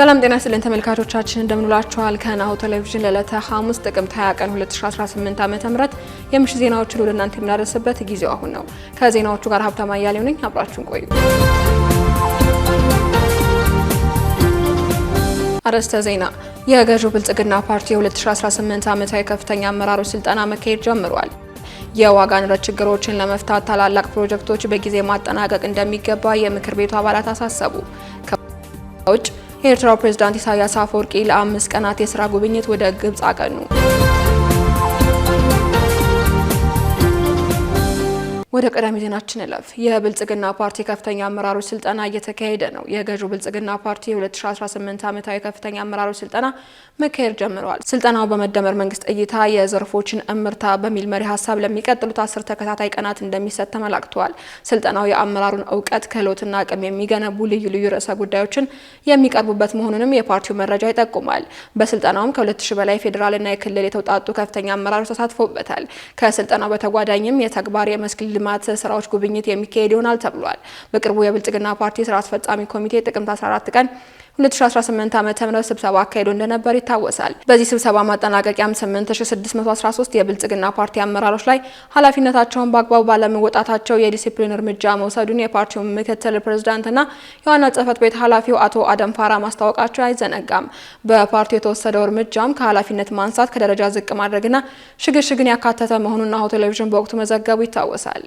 ሰላም ጤና ስለን ተመልካቾቻችን እንደምንላችኋል። ከናሁ ቴሌቪዥን ለዕለተ ሐሙስ ጥቅምት 20 ቀን 2018 ዓ.ም የምሽት ዜናዎችን ወደ እናንተ የምናደርስበት ጊዜው አሁን ነው። ከዜናዎቹ ጋር ሀብታማ እያሌው ነኝ። አብራችሁን ቆዩ። አርዕስተ ዜና የገዢው ብልጽግና ፓርቲ የ2018 ዓመታዊ ከፍተኛ አመራሮች ስልጠና መካሄድ ጀምሯል። የዋጋ ንረት ችግሮችን ለመፍታት ታላላቅ ፕሮጀክቶች በጊዜ ማጠናቀቅ እንደሚገባ የምክር ቤቱ አባላት አሳሰቡ። ከውጭ የኤርትራው ፕሬዝዳንት ኢሳያስ አፈወርቂ ለአምስት ቀናት የስራ ጉብኝት ወደ ግብጽ አቀኑ። ወደ ቀዳሚ ዜናችን እለፍ። የብልጽግና ፓርቲ ከፍተኛ አመራሮች ስልጠና እየተካሄደ ነው። የገዢው ብልጽግና ፓርቲ የ2018 ዓመታዊ ከፍተኛ አመራሮች ስልጠና መካሄድ ጀምረዋል። ስልጠናው በመደመር መንግስት እይታ የዘርፎችን እምርታ በሚል መሪ ሀሳብ ለሚቀጥሉት አስር ተከታታይ ቀናት እንደሚሰጥ ተመላክተዋል። ስልጠናው የአመራሩን እውቀት ክህሎትና አቅም የሚገነቡ ልዩ ልዩ ርዕሰ ጉዳዮችን የሚቀርቡበት መሆኑንም የፓርቲው መረጃ ይጠቁማል። በስልጠናውም ከ2000 በላይ ፌዴራልና የክልል የተውጣጡ ከፍተኛ አመራሮች ተሳትፎበታል። ከስልጠናው በተጓዳኝም የተግባር የመስክ ልማት ስራዎች ጉብኝት የሚካሄድ ይሆናል ተብሏል። በቅርቡ የብልጽግና ፓርቲ ስራ አስፈጻሚ ኮሚቴ ጥቅምት 14 ቀን 2018 ዓ ም ስብሰባ አካሂዶ እንደነበር ይታወሳል። በዚህ ስብሰባ ማጠናቀቂያም 8613 የብልጽግና ፓርቲ አመራሮች ላይ ኃላፊነታቸውን በአግባቡ ባለመወጣታቸው የዲሲፕሊን እርምጃ መውሰዱን የፓርቲው ምክትል ፕሬዝዳንትና የዋና ጽህፈት ቤት ኃላፊው አቶ አደም ፋራ ማስታወቃቸው አይዘነጋም። በፓርቲው የተወሰደው እርምጃም ከኃላፊነት ማንሳት፣ ከደረጃ ዝቅ ማድረግና ሽግሽግን ያካተተ መሆኑን አሁ ቴሌቪዥን በወቅቱ መዘገቡ ይታወሳል።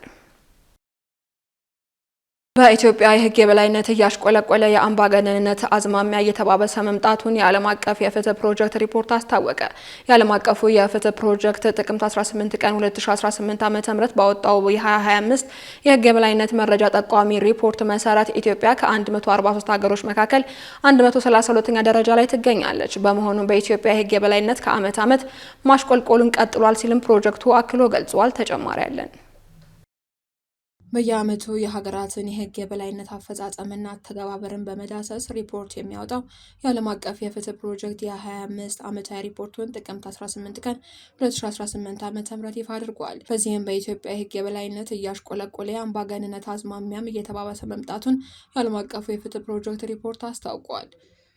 በኢትዮጵያ የሕግ የበላይነት እያሽቆለቆለ የአምባገነንነት አዝማሚያ እየተባበሰ መምጣቱን የዓለም አቀፍ የፍትህ ፕሮጀክት ሪፖርት አስታወቀ። የዓለም አቀፉ የፍትህ ፕሮጀክት ጥቅምት 18 ቀን 2018 ዓ.ም ባወጣው የ2025 የሕግ የበላይነት መረጃ ጠቋሚ ሪፖርት መሰረት ኢትዮጵያ ከ143 ሀገሮች መካከል 132ኛ ደረጃ ላይ ትገኛለች። በመሆኑም በኢትዮጵያ የሕግ የበላይነት ከዓመት ዓመት ማሽቆልቆሉን ቀጥሏል ሲልም ፕሮጀክቱ አክሎ ገልጿል። ተጨማሪ ያለን በየዓመቱ የሀገራትን የሕግ የበላይነት አፈጻጸምና አተገባበርን በመዳሰስ ሪፖርት የሚያወጣው የዓለም አቀፍ የፍትህ ፕሮጀክት የ25 ዓመታዊ ሪፖርቱን ጥቅምት 18 ቀን 2018 ዓ ም ይፋ አድርጓል። በዚህም በኢትዮጵያ የሕግ የበላይነት እያሽቆለቆለ የአምባገንነት አዝማሚያም እየተባባሰ መምጣቱን የዓለም አቀፉ የፍትህ ፕሮጀክት ሪፖርት አስታውቋል።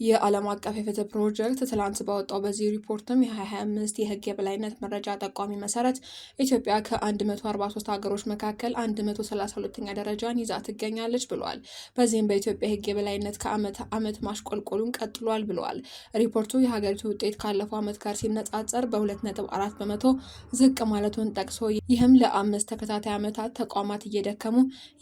የዓለም አቀፍ የፍትህ ፕሮጀክት ትላንት ባወጣው በዚህ ሪፖርትም የ2025 የህግ የበላይነት መረጃ ጠቋሚ መሰረት ኢትዮጵያ ከ143 ሀገሮች መካከል 132ኛ ደረጃን ይዛ ትገኛለች ብሏል። በዚህም በኢትዮጵያ የህግ የበላይነት ከዓመት አመት ማሽቆልቆሉን ቀጥሏል ብለዋል። ሪፖርቱ የሀገሪቱ ውጤት ካለፈው ዓመት ጋር ሲነጻጸር በ2.4 በመቶ ዝቅ ማለቱን ጠቅሶ ይህም ለአምስት ተከታታይ ዓመታት ተቋማት እየደከሙ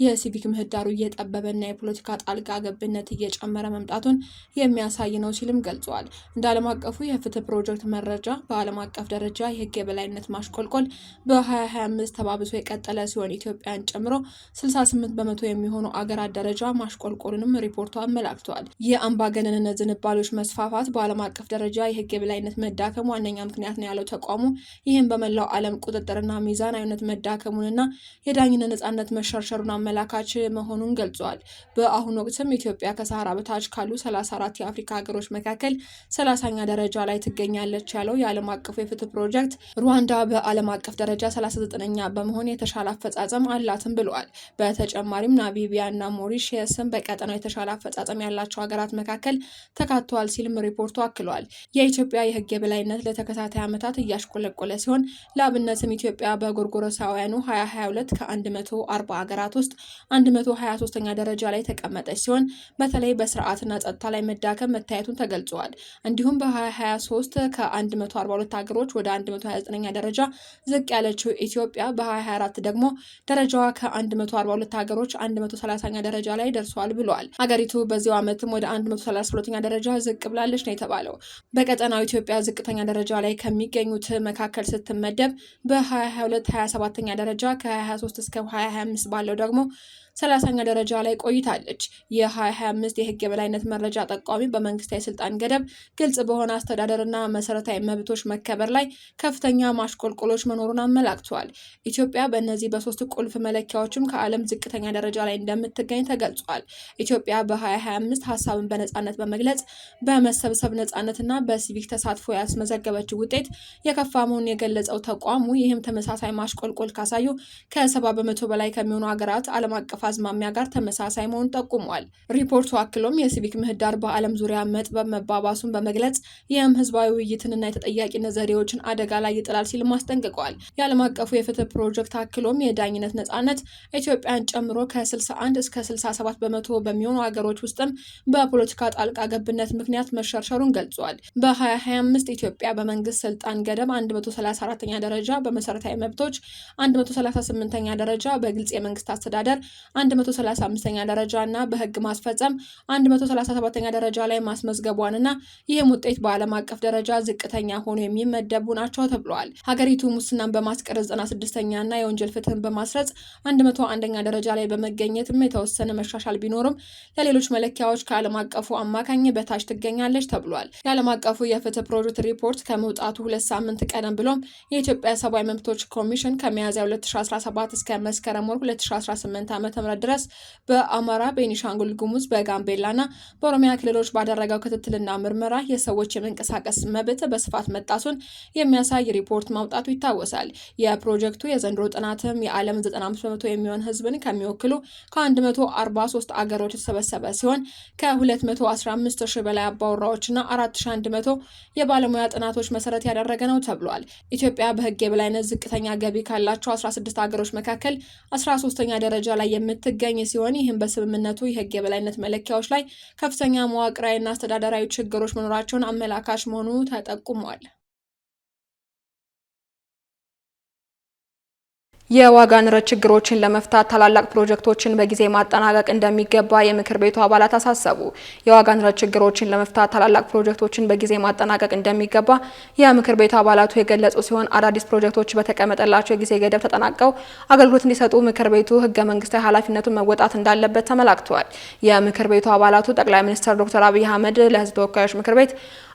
የሲቪክ ምህዳሩ እየጠበበና የፖለቲካ ጣልቃ ገብነት እየጨመረ መምጣቱን የሚያ የሚያሳይ ነው ሲልም ገልጿል። እንደ ዓለም አቀፉ የፍትህ ፕሮጀክት መረጃ በዓለም አቀፍ ደረጃ የህግ የበላይነት ማሽቆልቆል በ2025 ተባብሶ የቀጠለ ሲሆን ኢትዮጵያን ጨምሮ 68 በመቶ የሚሆኑ አገራት ደረጃ ማሽቆልቆሉንም ሪፖርቱ አመላክቷል። የአምባገነንነት ዝንባሎች መስፋፋት በዓለም አቀፍ ደረጃ የህግ የበላይነት መዳከም ዋነኛ ምክንያት ነው ያለው ተቋሙ ይህም በመላው ዓለም ቁጥጥርና ሚዛናዊነት መዳከሙንና የዳኝነት ነጻነት መሸርሸሩን አመላካች መሆኑን ገልጿል። በአሁኑ ወቅትም ኢትዮጵያ ከሰሃራ በታች ካሉ 34 አፍሪካ ሀገሮች መካከል ሰላሳኛ ደረጃ ላይ ትገኛለች ያለው የዓለም አቀፉ የፍትህ ፕሮጀክት ሩዋንዳ በዓለም አቀፍ ደረጃ 39ኛ በመሆን የተሻለ አፈጻጸም አላትም ብለዋል። በተጨማሪም ናሚቢያ እና የስም በቀጠናው የተሻለ አፈጻጸም ያላቸው ሀገራት መካከል ተካተዋል ሲልም ሪፖርቱ አክሏል። የኢትዮጵያ የህግ የበላይነት ለተከታታይ ዓመታት እያሽቆለቆለ ሲሆን ለአብነትም ኢትዮጵያ በጎርጎረሳውያኑ 2022 ከ140 ሀገራት ውስጥ 123ኛ ደረጃ ላይ ተቀመጠች ሲሆን በተለይ በስርዓትና ጸጥታ ላይ መዳከል መዳከም መታየቱን ተገልጿል። እንዲሁም በ2023 ከ142 ሀገሮች ወደ 129ኛ ደረጃ ዝቅ ያለችው ኢትዮጵያ በ2024 ደግሞ ደረጃዋ ከ142 ሀገሮች 130ኛ ደረጃ ላይ ደርሷል ብሏል። ሀገሪቱ በዚው ዓመትም ወደ 132ኛ ደረጃ ዝቅ ብላለች ነው የተባለው። በቀጠናው ኢትዮጵያ ዝቅተኛ ደረጃ ላይ ከሚገኙት መካከል ስትመደብ በ2022 27ኛ ደረጃ ከ 23 እስከ 25 ባለው ደግሞ 30ኛ ደረጃ ላይ ቆይታለች። የ2025 የህግ የበላይነት መረጃ ጠቋሚ በመንግስታዊ የስልጣን ገደብ፣ ግልጽ በሆነ አስተዳደርና መሰረታዊ መብቶች መከበር ላይ ከፍተኛ ማሽቆልቆሎች መኖሩን አመላክተዋል። ኢትዮጵያ በእነዚህ በሶስት ቁልፍ መለኪያዎችም ከዓለም ዝቅተኛ ደረጃ ላይ እንደምትገኝ ተገልጿል። ኢትዮጵያ በ2025 ሀሳብን በነጻነት በመግለጽ በመሰብሰብ ነጻነትና በሲቪክ ተሳትፎ ያስመዘገበችው ውጤት የከፋ መሆኑን የገለጸው ተቋሙ ይህም ተመሳሳይ ማሽቆልቆል ካሳዩ ከሰባ በመቶ በላይ ከሚሆኑ ሀገራት ዓለም አቀፍ አዝማሚያ ጋር ተመሳሳይ መሆኑን ጠቁሟል። ሪፖርቱ አክሎም የሲቪክ ምህዳር በዓለም ዙሪያ መጥበብ መባባሱን በመግለጽ ይህም ህዝባዊ ውይይትንና የተጠያቂነት ዘዴዎችን አደጋ ላይ ይጥላል ሲልም አስጠንቅቀዋል። የዓለም አቀፉ የፍትህ ፕሮጀክት አክሎም የዳኝነት ነጻነት ኢትዮጵያን ጨምሮ ከ61 እስከ 67 በመቶ በሚሆኑ ሀገሮች ውስጥም በፖለቲካ ጣልቃ ገብነት ምክንያት መሸርሸሩን ገልጿል። በ2025 ኢትዮጵያ በመንግስት ስልጣን ገደብ 134ኛ ደረጃ፣ በመሰረታዊ መብቶች 138ኛ ደረጃ፣ በግልጽ የመንግስት አስተዳደር 135ኛ ደረጃ እና በህግ ማስፈጸም 137ኛ ደረጃ ላይ ማስመዝገቧንና ይህም ውጤት በዓለም አቀፍ ደረጃ ዝቅተኛ ሆኖ የሚመደቡ ናቸው ተብለዋል። ሀገሪቱ ሙስናን በማስቀረጽ 96ኛና የወንጀል ፍትህን በማስረጽ መቶ አንደኛ ደረጃ ላይ በመገኘትም የተወሰነ መሻሻል ቢኖርም ለሌሎች መለኪያዎች ከዓለም አቀፉ አማካኝ በታች ትገኛለች ተብሏል። የዓለም አቀፉ የፍትህ ፕሮጀክት ሪፖርት ከመውጣቱ ሁለት ሳምንት ቀደም ብሎም የኢትዮጵያ ሰብአዊ መብቶች ኮሚሽን ከሚያዝያ 2017 እስከ መስከረም ወር 2018 ዓ ም ድረስ በአማራ፣ ቤኒሻንጉል ጉሙዝ፣ በጋምቤላ በኦሮሚያ ክልሎች ባደረገው ክትትልና ምርመራ የሰዎች የመንቀሳቀስ መብት በስፋት መጣሱን የሚያሳይ ሪፖርት ማውጣቱ ይታወሳል። የፕሮጀክቱ የዘንድሮ ጥናትም የዓለም 95 በመቶ የሚሆን ህዝብን ከሚወክሉ ከ143 አገሮች የተሰበሰበ ሲሆን ከ215 ሺ በላይ አባወራዎችና 4100 የባለሙያ ጥናቶች መሰረት ያደረገ ነው ተብሏል። ኢትዮጵያ በህግ የበላይነት ዝቅተኛ ገቢ ካላቸው 16 ሀገሮች መካከል 13ኛ ደረጃ ላይ የምትገኝ ሲሆን ይህም በስምምነቱ የህግ የበላይነት መለኪያዎች ላይ ከፍተኛ መዋቅር የማህበራዊና አስተዳደራዊ ችግሮች መኖራቸውን አመላካች መሆኑ ተጠቁሟል። የዋጋ ንረት ችግሮችን ለመፍታት ታላላቅ ፕሮጀክቶችን በጊዜ ማጠናቀቅ እንደሚገባ የምክር ቤቱ አባላት አሳሰቡ። የዋጋ ንረት ችግሮችን ለመፍታት ታላላቅ ፕሮጀክቶችን በጊዜ ማጠናቀቅ እንደሚገባ የምክር ቤቱ አባላቱ የገለጹ ሲሆን አዳዲስ ፕሮጀክቶች በተቀመጠላቸው የጊዜ ገደብ ተጠናቀው አገልግሎት እንዲሰጡ ምክር ቤቱ ህገ መንግስታዊ ኃላፊነቱን መወጣት እንዳለበት ተመላክቷል። የምክር ቤቱ አባላቱ ጠቅላይ ሚኒስትር ዶክተር አብይ አህመድ ለህዝብ ተወካዮች ምክር ቤት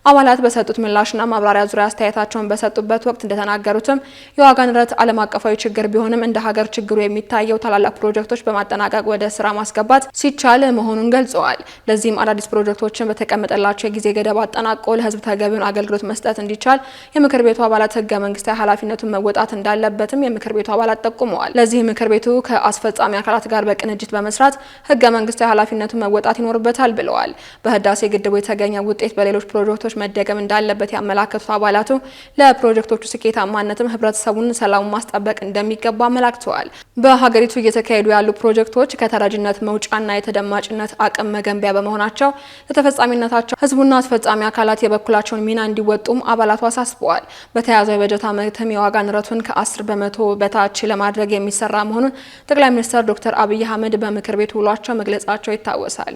አባላት በሰጡት ምላሽና ማብራሪያ ዙሪያ አስተያየታቸውን በሰጡበት ወቅት እንደተናገሩትም የዋጋ ንረት ዓለም አቀፋዊ ችግር ቢሆንም እንደ ሀገር ችግሩ የሚታየው ታላላቅ ፕሮጀክቶች በማጠናቀቅ ወደ ስራ ማስገባት ሲቻል መሆኑን ገልጸዋል። ለዚህም አዳዲስ ፕሮጀክቶችን በተቀመጠላቸው የጊዜ ገደብ አጠናቆ ለህዝብ ተገቢውን አገልግሎት መስጠት እንዲቻል የምክር ቤቱ አባላት ህገ መንግስታዊ ኃላፊነቱን መወጣት እንዳለበትም የምክር ቤቱ አባላት ጠቁመዋል። ለዚህ ምክር ቤቱ ከአስፈጻሚ አካላት ጋር በቅንጅት በመስራት ህገ መንግስታዊ ኃላፊነቱን መወጣት ይኖርበታል ብለዋል። በህዳሴ ግድቡ የተገኘ ውጤት በሌሎች ፕሮጀክቶች ጥናቶች መደገም እንዳለበት ያመላከቱት አባላቱ ለፕሮጀክቶቹ ስኬታማነትም ህብረተሰቡን ሰላሙ ማስጠበቅ እንደሚገባ አመላክተዋል። በሀገሪቱ እየተካሄዱ ያሉ ፕሮጀክቶች ከተረጅነት መውጫና የተደማጭነት አቅም መገንቢያ በመሆናቸው ለተፈጻሚነታቸው ህዝቡና አስፈጻሚ አካላት የበኩላቸውን ሚና እንዲወጡም አባላቱ አሳስበዋል። በተያዘው የበጀት ዓመትም የዋጋ ንረቱን ከ10 በመቶ በታች ለማድረግ የሚሰራ መሆኑን ጠቅላይ ሚኒስትር ዶክተር አብይ አህመድ በምክር ቤት ውሏቸው መግለጻቸው ይታወሳል።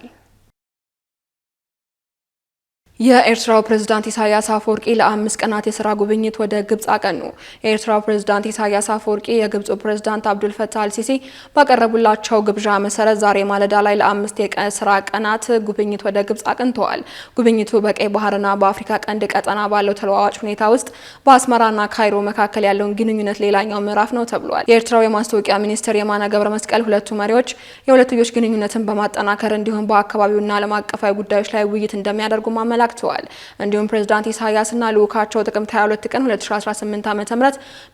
የኤርትራው ፕሬዝዳንት ኢሳያስ አፈወርቂ ለአምስት ቀናት የስራ ጉብኝት ወደ ግብጽ አቀኑ። የኤርትራው ፕሬዝዳንት ኢሳያስ አፈወርቂ የግብፁ ፕሬዝዳንት አብዱል ፈታህ አልሲሲ ባቀረቡላቸው ግብዣ መሰረት ዛሬ ማለዳ ላይ ለአምስት የስራ ቀናት ጉብኝት ወደ ግብጽ አቅንተዋል። ጉብኝቱ በቀይ ባህርና በአፍሪካ ቀንድ ቀጠና ባለው ተለዋዋጭ ሁኔታ ውስጥ በአስመራና ካይሮ መካከል ያለውን ግንኙነት ሌላኛው ምዕራፍ ነው ተብሏል። የኤርትራው የማስታወቂያ ሚኒስትር የማነ ገብረ መስቀል ሁለቱ መሪዎች የሁለትዮሽ ግንኙነትን በማጠናከር እንዲሁም በአካባቢውና ዓለም አቀፋዊ ጉዳዮች ላይ ውይይት እንደሚያደርጉ ማመላክ አረጋግተዋል። እንዲሁም ፕሬዝዳንት ኢሳያስና ልዑካቸው ጥቅምት 22 ቀን 2018 ዓ.ም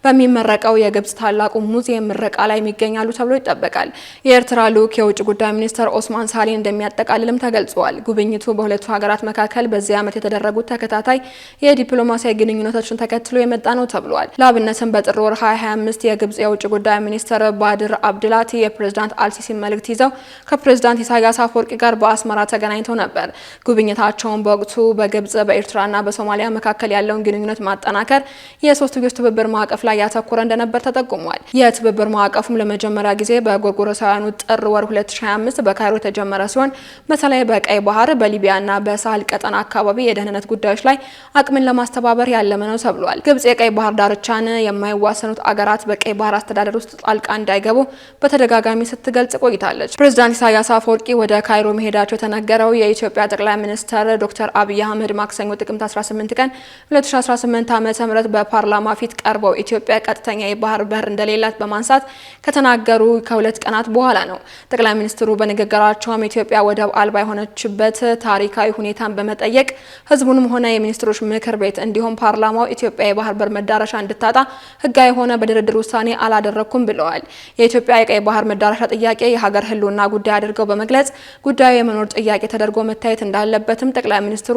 በሚመረቀው የግብጽ ታላቁ ሙዚየም ምረቃ ላይ የሚገኛሉ ተብሎ ይጠበቃል። የኤርትራ ልዑክ የውጭ ጉዳይ ሚኒስትር ኦስማን ሳሊን እንደሚያጠቃልልም ተገልጿል። ጉብኝቱ በሁለቱ ሀገራት መካከል በዚህ ዓመት የተደረጉት ተከታታይ የዲፕሎማሲያዊ ግንኙነቶችን ተከትሎ የመጣ ነው ተብሏል። ለአብነትም በጥር ወር 2025 የግብጽ የውጭ ጉዳይ ሚኒስትር ባድር አብድላቲ የፕሬዝዳንት አልሲሲ መልእክት ይዘው ከፕሬዝዳንት ኢሳያስ አፈወርቂ ጋር በአስመራ ተገናኝተው ነበር። ጉብኝታቸውን በወቅቱ በግብጽ በኤርትራና በሶማሊያ መካከል ያለውን ግንኙነት ማጠናከር የሶስትዮሽ ትብብር ማዕቀፍ ላይ ያተኮረ እንደነበር ተጠቁሟል። የትብብር ማዕቀፉም ለመጀመሪያ ጊዜ በጎርጎሮሳውያኑ ጥር ወር 2025 በካይሮ የተጀመረ ሲሆን በተለይ በቀይ ባህር በሊቢያና በሳህል ቀጠና አካባቢ የደህንነት ጉዳዮች ላይ አቅምን ለማስተባበር ያለመ ነው ተብሏል። ግብጽ የቀይ ባህር ዳርቻን የማይዋሰኑት አገራት በቀይ ባህር አስተዳደር ውስጥ ጣልቃ እንዳይገቡ በተደጋጋሚ ስትገልጽ ቆይታለች። ፕሬዚዳንት ኢሳያስ አፈወርቂ ወደ ካይሮ መሄዳቸው የተነገረው የኢትዮጵያ ጠቅላይ ሚኒስትር ዶክተር አብ አብይ አህመድ ማክሰኞ ጥቅምት 18 ቀን 2018 ዓ.ም በፓርላማ ፊት ቀርበው ኢትዮጵያ ቀጥተኛ የባህር በር እንደሌላት በማንሳት ከተናገሩ ከሁለት ቀናት በኋላ ነው። ጠቅላይ ሚኒስትሩ በንግግራቸውም ኢትዮጵያ ወደብ አልባ የሆነችበት ታሪካዊ ሁኔታን በመጠየቅ ህዝቡንም ሆነ የሚኒስትሮች ምክር ቤት እንዲሁም ፓርላማው ኢትዮጵያ የባህር በር መዳረሻ እንድታጣ ህጋዊ የሆነ በድርድር ውሳኔ አላደረኩም ብለዋል። የኢትዮጵያ የቀይ ባህር መዳረሻ ጥያቄ የሀገር ህልውና ጉዳይ አድርገው በመግለጽ ጉዳዩ የመኖር ጥያቄ ተደርጎ መታየት እንዳለበትም ጠቅላይ ሚኒስትሩ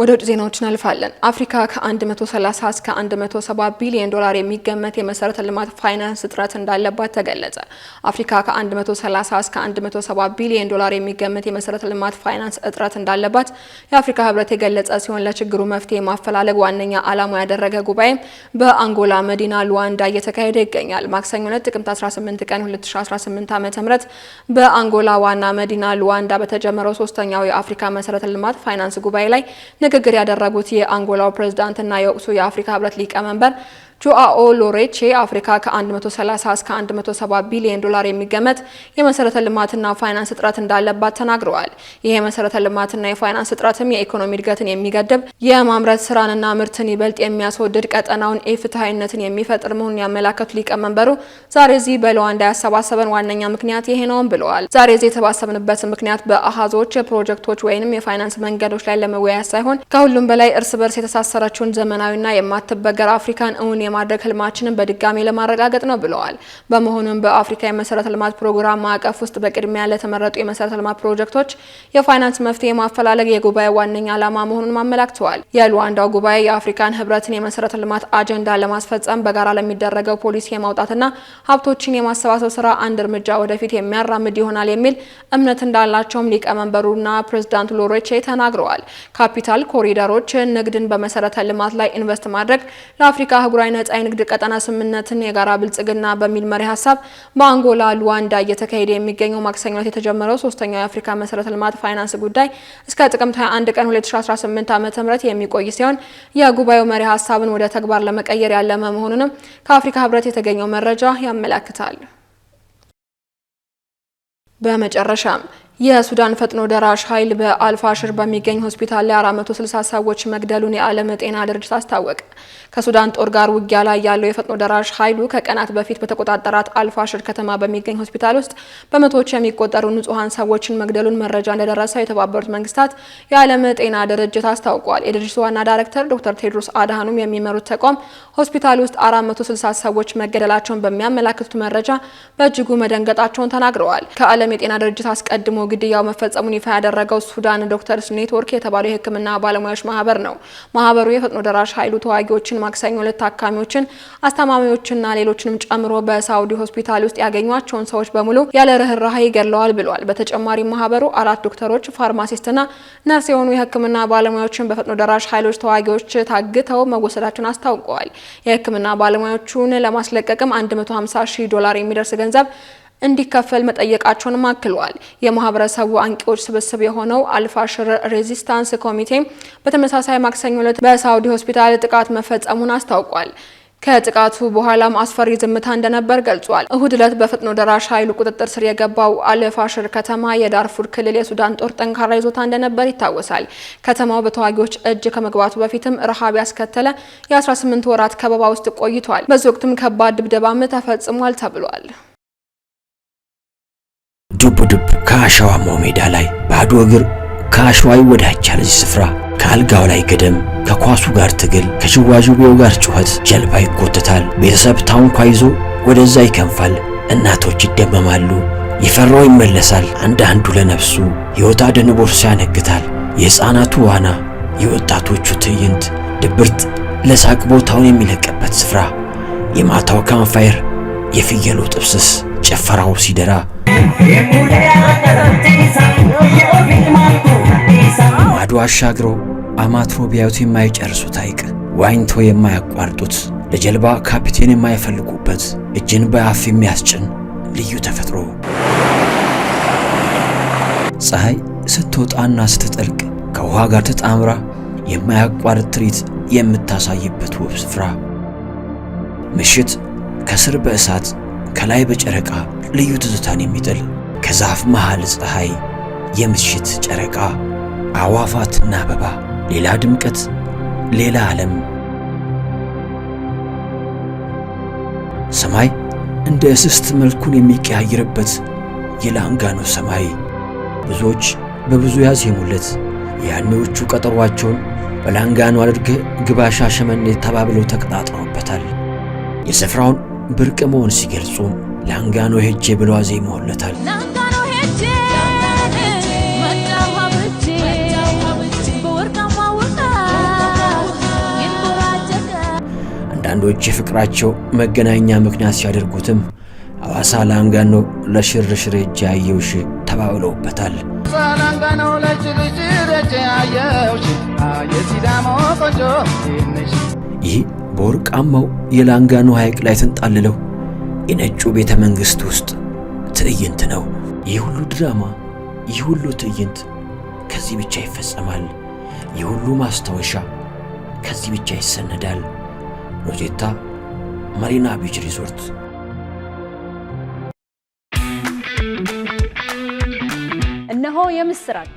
ወደ ውጭ ዜናዎች እናልፋለን። አፍሪካ ከ130 እስከ 170 ቢሊዮን ዶላር የሚገመት የመሰረተ ልማት ፋይናንስ እጥረት እንዳለባት ተገለጸ። አፍሪካ ከ130 እስከ 170 ቢሊዮን ዶላር የሚገመት የመሰረተ ልማት ፋይናንስ እጥረት እንዳለባት የአፍሪካ ሕብረት የገለጸ ሲሆን ለችግሩ መፍትሄ ማፈላለግ ዋነኛ ዓላማ ያደረገ ጉባኤም በአንጎላ መዲና ሉዋንዳ እየተካሄደ ይገኛል። ማክሰኞ ዕለት ጥቅምት 18 ቀን 2018 ዓ.ም በአንጎላ ዋና መዲና ሉዋንዳ በተጀመረው ሶስተኛው የአፍሪካ መሰረተ ልማት ፋይናንስ ጉባኤ ላይ ንግግር ያደረጉት የአንጎላው ፕሬዚዳንትና የወቅቱ የአፍሪካ ህብረት ሊቀመንበር ጆአኦ ሎሬቼ አፍሪካ ከ130 እስከ 170 ቢሊዮን ዶላር የሚገመት የመሰረተ ልማትና ፋይናንስ እጥረት እንዳለባት ተናግረዋል። ይህ የመሰረተ ልማትና የፋይናንስ እጥረትም የኢኮኖሚ እድገትን የሚገድብ የማምረት ስራንና ምርትን ይበልጥ የሚያስወድድ ቀጠናውን ኢፍትሐዊነትን የሚፈጥር መሆኑን ያመላከቱ ሊቀመንበሩ ዛሬ እዚህ በሉዋንዳ ያሰባሰበን ዋነኛ ምክንያት ይሄ ነውም ብለዋል። ዛሬ እዚህ የተሰባሰብንበት ምክንያት በአሃዞች የፕሮጀክቶች ወይንም የፋይናንስ መንገዶች ላይ ለመወያየት ሳይሆን ከሁሉም በላይ እርስ በርስ የተሳሰረችውን ዘመናዊና የማትበገር አፍሪካን እውን የማድረግ ህልማችንን በድጋሚ ለማረጋገጥ ነው ብለዋል። በመሆኑም በአፍሪካ የመሰረተ ልማት ፕሮግራም ማዕቀፍ ውስጥ በቅድሚያ ለተመረጡ የመሰረተ ልማት ፕሮጀክቶች የፋይናንስ መፍትሄ ማፈላለግ የጉባኤ ዋነኛ ዓላማ መሆኑን አመላክተዋል። የሉዋንዳው ጉባኤ የአፍሪካን ህብረትን የመሰረተ ልማት አጀንዳ ለማስፈጸም በጋራ ለሚደረገው ፖሊሲ የማውጣትና ሀብቶችን የማሰባሰብ ስራ አንድ እርምጃ ወደፊት የሚያራምድ ይሆናል የሚል እምነት እንዳላቸውም ሊቀመንበሩና ፕሬዝዳንቱ ሎሬቼ ተናግረዋል። ካፒታል ኮሪደሮች፣ ንግድን በመሰረተ ልማት ላይ ኢንቨስት ማድረግ ለአፍሪካ አህጉራዊ ነጻ የንግድ ቀጠና ስምምነትን የጋራ ብልጽግና በሚል መሪ ሀሳብ በአንጎላ ሉዋንዳ እየተካሄደ የሚገኘው ማክሰኞ ዕለት የተጀመረው ሶስተኛው የአፍሪካ መሰረተ ልማት ፋይናንስ ጉዳይ እስከ ጥቅምት 21 ቀን 2018 ዓ ም የሚቆይ ሲሆን የጉባኤው መሪ ሀሳብን ወደ ተግባር ለመቀየር ያለመ መሆኑንም ከአፍሪካ ህብረት የተገኘው መረጃ ያመላክታል። በመጨረሻም የሱዳን ፈጥኖ ደራሽ ኃይል በአልፋሽር በሚገኝ ሆስፒታል ላይ 460 ሰዎች መግደሉን የዓለም ጤና ድርጅት አስታወቀ። ከሱዳን ጦር ጋር ውጊያ ላይ ያለው የፈጥኖ ደራሽ ኃይሉ ከቀናት በፊት በተቆጣጠራት አልፋሽር ከተማ በሚገኝ ሆስፒታል ውስጥ በመቶዎች የሚቆጠሩ ንጹሐን ሰዎችን መግደሉን መረጃ እንደደረሰው የተባበሩት መንግስታት የዓለም ጤና ድርጅት አስታውቋል። የድርጅቱ ዋና ዳይሬክተር ዶክተር ቴድሮስ አድሃኖም የሚመሩት ተቋም ሆስፒታል ውስጥ 460 ሰዎች መገደላቸውን በሚያመላክቱት መረጃ በእጅጉ መደንገጣቸውን ተናግረዋል። ከዓለም የጤና ድርጅት አስቀድሞ ግድያው መፈጸሙን ይፋ ያደረገው ሱዳን ዶክተርስ ኔትወርክ የተባለው የሕክምና ባለሙያዎች ማህበር ነው። ማህበሩ የፈጥኖ ደራሽ ኃይሉ ተዋጊዎችን ማክሰኞ ሁለት ታካሚዎችን፣ አስታማሚዎችና ሌሎችንም ጨምሮ በሳውዲ ሆስፒታል ውስጥ ያገኟቸውን ሰዎች በሙሉ ያለ ርኅራኄ ይገድለዋል ብሏል። በተጨማሪም ማህበሩ አራት ዶክተሮች፣ ፋርማሲስትና ነርስ የሆኑ የሕክምና ባለሙያዎችን በፈጥኖ ደራሽ ኃይሎች ተዋጊዎች ታግተው መወሰዳቸውን አስታውቀዋል። የሕክምና ባለሙያዎቹን ለማስለቀቅም 150 ሺህ ዶላር የሚደርስ ገንዘብ እንዲከፈል መጠየቃቸውንም አክለዋል። የማህበረሰቡ አንቂዎች ስብስብ የሆነው አልፋሽር ሬዚስታንስ ኮሚቴ በተመሳሳይ ማክሰኞ ዕለት በሳውዲ ሆስፒታል ጥቃት መፈጸሙን አስታውቋል። ከጥቃቱ በኋላም አስፈሪ ዝምታ እንደነበር ገልጿል። እሁድ ዕለት በፈጥኖ ደራሽ ኃይሉ ቁጥጥር ስር የገባው አልፋሽር ከተማ የዳርፉር ክልል የሱዳን ጦር ጠንካራ ይዞታ እንደነበር ይታወሳል። ከተማው በተዋጊዎች እጅ ከመግባቱ በፊትም ረሃብ ያስከተለ የ18 ወራት ከበባ ውስጥ ቆይቷል። በዚህ ወቅትም ከባድ ድብደባም ተፈጽሟል ተብሏል። ዱብ ዱብ ከአሸዋማው ሜዳ ላይ ባዶ እግር ከአሸዋ ይወዳጃል። እዚህ ስፍራ ከአልጋው ላይ ገደም፣ ከኳሱ ጋር ትግል፣ ከሽዋዥቤው ጋር ጩኸት ጀልባ ይጎተታል። ቤተሰብ ታንኳ ይዞ ወደዛ ይከንፋል። እናቶች ይደመማሉ። የፈራው ይመለሳል። አንዳንዱ ለነፍሱ ሕይወት አድን ቦርሳ ያነግታል። የሕፃናቱ ዋና፣ የወጣቶቹ ትዕይንት፣ ድብርት ለሳቅ ቦታውን የሚለቅበት ስፍራ፣ የማታው ካምፋየር፣ የፍየሉ ጥብስስ፣ ጭፈራው ሲደራ ማዶ አሻግሮ አማትሮ ቢያዩት የማይጨርሱት ሐይቅ ዋኝቶ የማያቋርጡት ለጀልባ ካፒቴን የማይፈልጉበት እጅን በአፍ የሚያስጭን ልዩ ተፈጥሮ። ፀሐይ ስትወጣና ስትጠልቅ ከውሃ ጋር ተጣምራ የማያቋርጥ ትርኢት የምታሳይበት ውብ ስፍራ ምሽት ከስር በእሳት ከላይ በጨረቃ ልዩ ትዝታን የሚጥል ከዛፍ መሃል ፀሐይ፣ የምሽት ጨረቃ፣ አዋፋትና አበባ፣ ሌላ ድምቀት፣ ሌላ ዓለም። ሰማይ እንደ እስስት መልኩን የሚቀያየርበት የላንጋኖ ሰማይ ብዙዎች በብዙ ያዜሙለት ያኔዎቹ ቀጠሯቸውን በላንጋኖ አድርገ ግባሻ ሸመኔ ተባብለው ተቀጣጥረውበታል። የስፍራውን ብርቅ መሆን ሲገልጹ ላንጋኖ ሄጄ ብለው አዜመውለታል። አንዳንዶች የፍቅራቸው መገናኛ ምክንያት ሲያደርጉትም አዋሳ ላንጋኖ ለሽርሽር ሄጄ አየውሽ ተባብለውበታል። ይህ በወርቃማው የላንጋኖ ሐይቅ ላይ ተንጣልለው የነጩ ቤተ መንግሥት ውስጥ ትዕይንት ነው። ይህ ሁሉ ድራማ፣ ይህ ሁሉ ትዕይንት ከዚህ ብቻ ይፈጸማል። ይህ ሁሉ ማስታወሻ ከዚህ ብቻ ይሰነዳል። ሮዜታ ማሪና ቢች ሪዞርት እነሆ የምስራች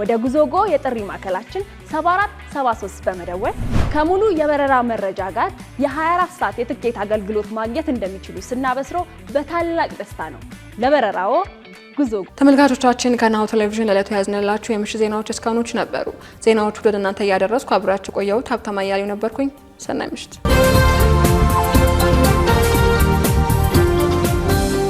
ወደ ጉዞጎ የጥሪ ማዕከላችን 7473 በመደወል ከሙሉ የበረራ መረጃ ጋር የ24 ሰዓት የትኬት አገልግሎት ማግኘት እንደሚችሉ ስናበስሮ በታላቅ ደስታ ነው። ለበረራዎ ጉዞ ተመልካቾቻችን፣ ከናሁ ቴሌቪዥን ለዕለቱ ያዝንላችሁ የምሽት ዜናዎች እስካሁኖች ነበሩ። ዜናዎቹ ወደ እናንተ እያደረስኩ አብራችሁ ቆየሁት። ሀብታማ እያሌው ነበርኩኝ። ሰናይ ምሽት